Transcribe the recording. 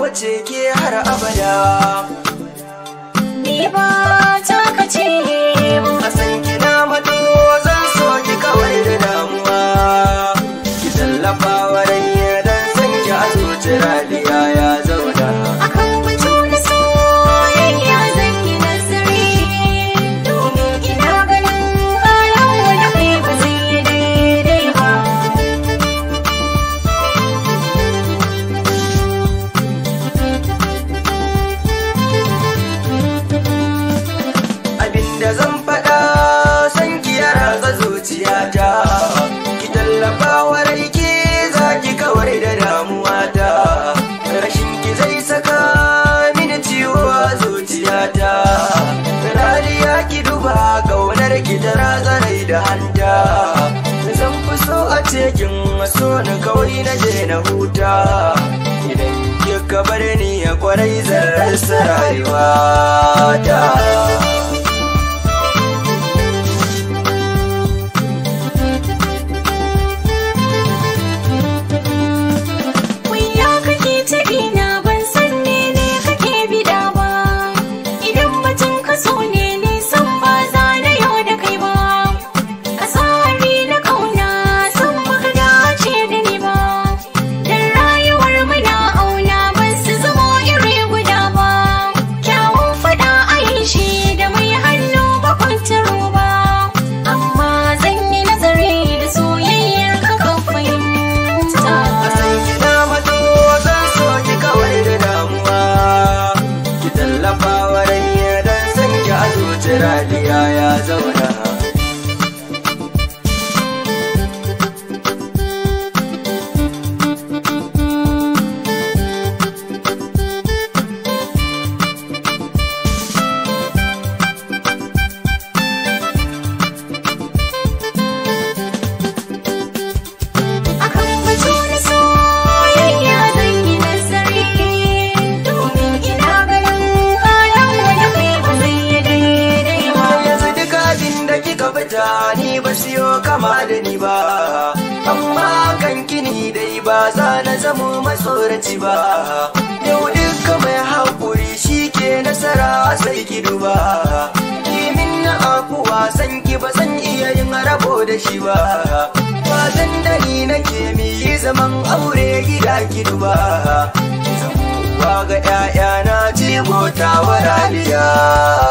wace ke har abada ni ba ta kace kar gida da razanai da hanta zan fi so a cikin maso na kawai na je na huta idan kika bar ni a kwarai zarar rasa rayuwa ta Jiraji amma kan gini dai ba za na zamo matsoraci ba yau duka mai haƙuri shi ke nasara sai ki duba kimin na akuwa san ki ba zan iya yin rabo da shi ba wazan dani ni kemi yi zaman aure gida ki duba ki zama ga 'ya'yana jigo ta